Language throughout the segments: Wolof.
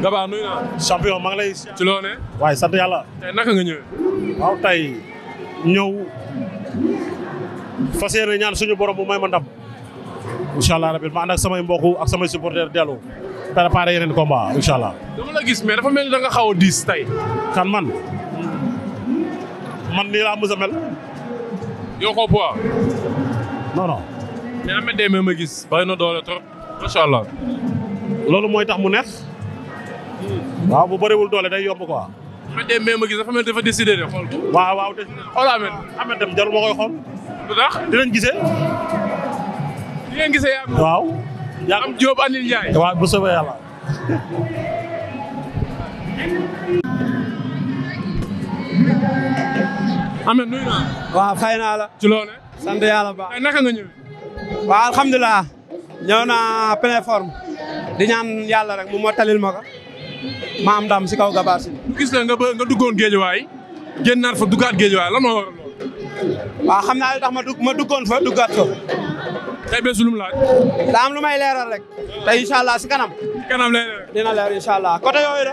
Daba nuyu naa. champion maa ngi lay. ci waaye sant yàlla. tey naka nga ñëwee. waaw tey ñëw fas ñaan suñu borom bu may ma ndam. incha ma ànd ak samay mbokk ak samay supporters dellu. préparé yeneen combat incha allah. dama la gis mais dafa mel xaw a diis tey. kan man man nii laa mës yokkoo poids. non non. mais Ahmed Deme ma gis bari na doole trop macha allah. loolu mooy tax mu neex. Hmm. waaw bu bëriwul doole day yomb quoi. Ahmed Deme ma gis dafa mel dafa décidé de xool. waaw waaw décidé xool Ahmed. Deme jarul ma xool. lu tax dinañ gisee. di waaw. yaa am Diop Anil Ndiaye. waaw bu soobee yàlla. am na nuyu naa. waaw fay naa la. ci loolu. sant yàlla bu baax tey naka nga ñëw. waaw alhamdulilah. ñëw naa di ñaan yàlla rek mu mottalil ma ko. daam si kaw gabaar si. gis na nga ba nga duggoon géejewaay. génnaat fa duggaat géejewaay lan moo waral loolu. waaw xam naa tax ma dugg ma duggoon fa duggaat ko. tey bés lu mu laaj. daa am lu may leeral rek. tey incha si kanam. si dina leer incha allah côté yooyu de.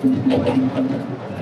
Thank you.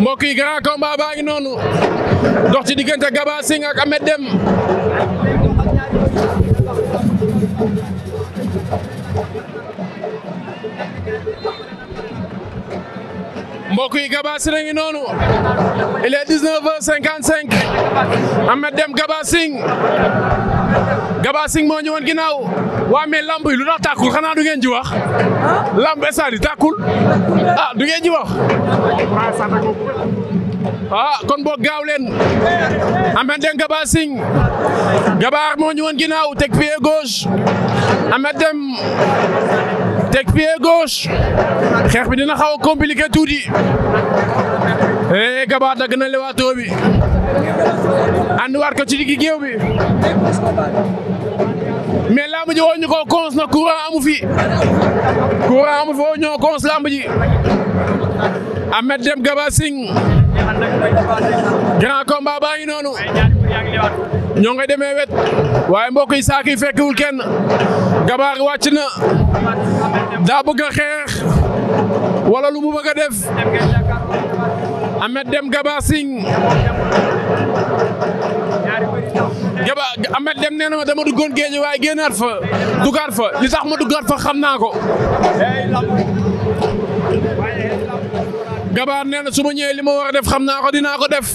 mbokk yi grand combat ngi noonu dox ci diggante Gabbar Singh ak Ahmed Deme mbokk yi Gabbar noonu il est 19h55 Ahmed Gabaa Singh moo ñëwoon ginnaaw waa mais lamb yi lu tax tàkkul xanaa du ngeen ji wax lamb estade yi tàkkul ah du ngeen wax ah kon boog gaaw leen Ameth Deme Gabaa Singh Gabaa moo ñëwoon ginnaaw teg pied gauche Ameth Deme teg pied gauche xeex bi dina xaw a compliqué tuuti eh Gabaa dagg na lewaatoo bi ànd waat ko ci diggi géew bi lamb ji woo ñu ko cons na courant amu fi courant amu fi woo ñoo cons lamb ji Ahmed Deme Gaba Singh grand combat baa ngi noonu ñoo ngi demee wet waaye mbokk yi saak yi fekkiwul kenn gabaar wàcc na daa bëgg a xeex wala lu mu bëgg a def Ahmed Deme Gaba Singh nee na ma dama duggoon géej waay génnaat fa duggaat fa li tax ma duggaat fa xam naa ko. Gabaar nee na su ma ñëwee li ma war a def xam naa ko dinaa ko def.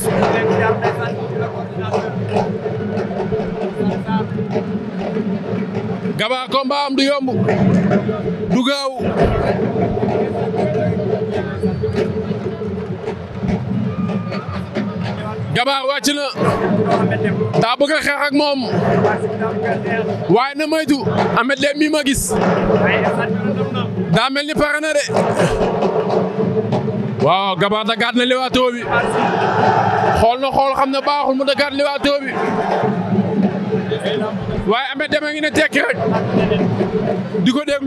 Gabaar combat am du yomb du Gabbar wàcc na daa bëgg xeex ak moom waaye na moytu Amet Leen mi ma gis daa mel ni pare na de waaw Gabbar dagaat na lewaatoo bi xool na xool xam ne baaxul mu dagaat lewaatoo bi waaye Amet Dem a tekki rek di ko dem.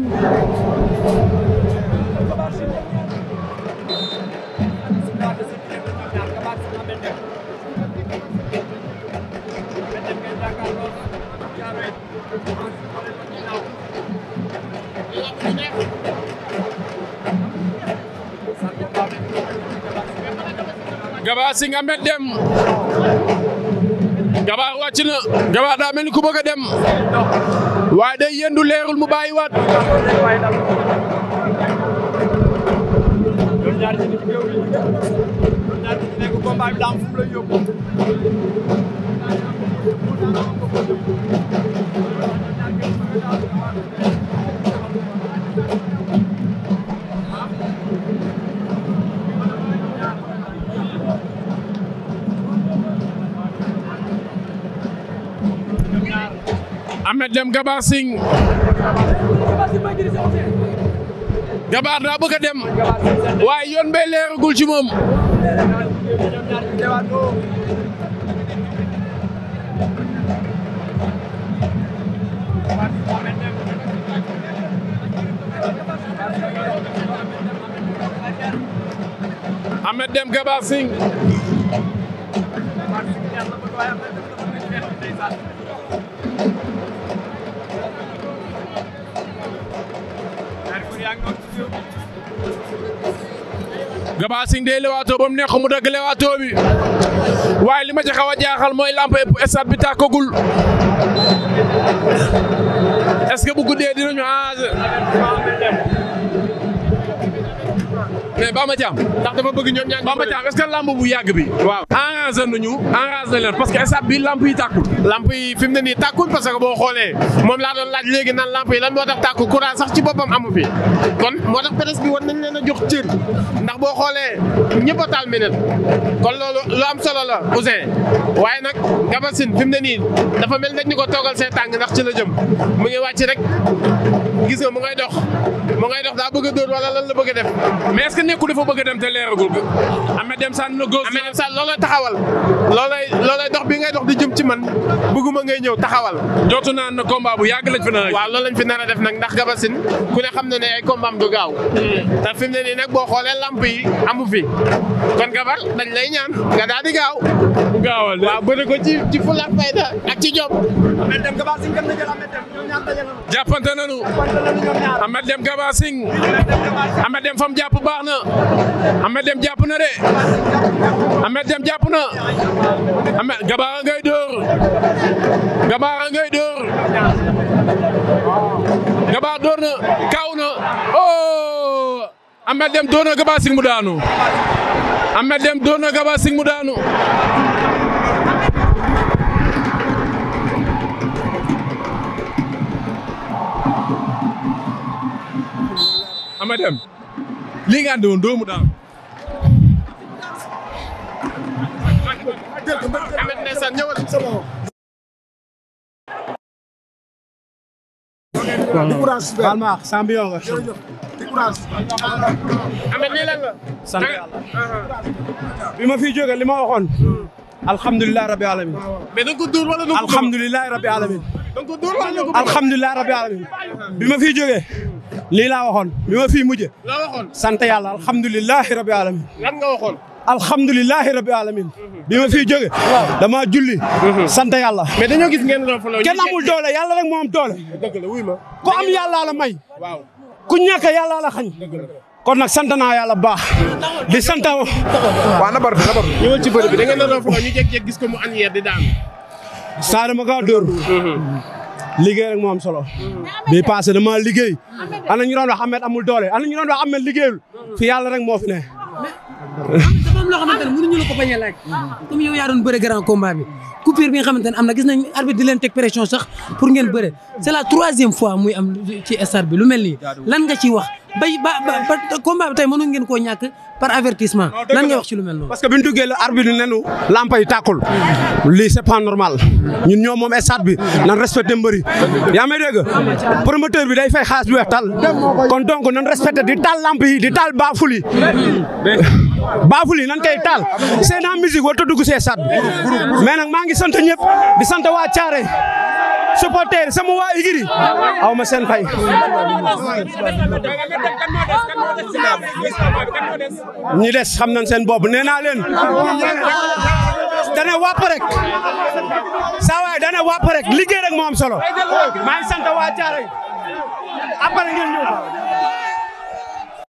Gabaa si nga met dem Gabaa wàcc na Gabaa daa mel ni ku bëgg a dem waaye day yendu leerul mu bàyyiwaat. combat Ahmed Deme Gabar Singh Gabar daa bëgg a dem waaye yoon bee leeragul ci moom Ahmed Deme Keba Singh Keba mu neex mu dëgg waaye li ma ci xaw a jaaxal mooy lamp stade bi tàkkagul est-ce que bu aase Bamba Thiam ndax dafa bëgg ñoom ñaar Bamba Thiam est-ce que lamb bu yàgg bi waaw enragé na leen parce que stade bi lamp yi tàkkul lamp yi fi mu ne nii tàkkul boo xoolee moom laa doon laaj léegi naan lamp yi lan moo tax tàkkul courant sax ci boppam amu fi kon moo tax presse bi war nañ leen a jox cër ndax boo xoolee ñëpp a taal minute kon loolu lu am solo la Ousseyn waaye nag gabasin fi na ne nii dafa mel dañ ñu ko toogal see tàng ndax ci la jëm mu ngi wàcc rek gis nga mu ngay dox mu ngay dox daa a dóor wala lan la bëgg a def ku dafa bëgg a dem te leeragul ko. Ahmed Deme Sane na góor. Ahmed Deme Sane loolay taxawal. loolay dox bi ngay dox di jëm ci man bëgguma ngay ñëw taxawal. jootu naa na combat bu yàgg lañ fi nar a. waaw loolu fi nar a def nag ndax gabasin ku ne xam na ne ay combat am du gaaw. Hmm. te fi mu ne nii nag boo xoolee lamp yi amu fi kon gabar dañ lay ñaan nga daal di gaaw. bu gaawal de waaw bëri ko ci ci fulla fayda ak ci jom. Ahmed Deme a kan la a Ahmed Deme ñoom na. jàppante nañu. jàppante nañu baax na Amet Dem jàpp na de Amet Dem jàpp na Amet Gabaara ngay dóor Gabaara ngay dóor Gabaar dóor na kaaw na oh Amet Dem dóor na Gabaar sing mu daanu Amet Dem lii nga andi woon doomu daal. ma wax la. sant yàlla. bi ma fiy jógee li ma waxoon. alhamdulilah rabi alamin. mais da alamin. da nga alamin. bi ma fiy jógee. lii laa waxoon bi ma fii mujjee. laa waxoon sant yàlla alhamdulilahi rabbi alamin nga waxoon. alhamdulilahi rabbi alamin mhm. bi ma fii jóge dama julli mhm. sant yàlla mais dañoo gis ngeen kenn amul doole yàlla rek moo am doole dëgg la ma ku am yàllaa la may ku ñàkk yàlla la xañ kon nag sant naa yàlla baax di sant waaw na bar na bar ci bëri bi da ngeen na ñu jeg jeg gis ko mu an yeer di daan saa dama kaa dóor mhm. liggéey rek moo am solo. bii passé dama liggéey. ana ñu doon wax Ahmed amul doole ana ñu doon wax Ahmed liggéeyul. fi yàlla rek moo fi dafa am loo xamante ne mënuñu ko bañ a laaj comme yow yaa bëre grand combat bi coupure bi nga am na nañ arbitre di leen teg pression sax pour ngeen bëre c'est la troisième fois muy am ci stade bi lu mel nii lan nga ciy wax bay ba ba combat bi tey mënoon ngeen koo ñàkk par avertissement lan nga wax ci lu mel noonu parce que bi ñu duggee la arbitre lampa yi tàkkul lii c'est pas normal ñun ñoo moom stade bi nan respecté mbëri yaa may dégg promoteur bi day fay xaalis tal kon baafuli nan kay taal seen en musique war ta dugg see stade bi mais nag maa ngi sant ñëpp di sant waa Thiaré supporter sama waa Igiri aw ma seen fay. ñi des xam nañ seen bopp nee naa leen dana wàpp rek saa waay dana wàpp rek liggéey rek moo solo maa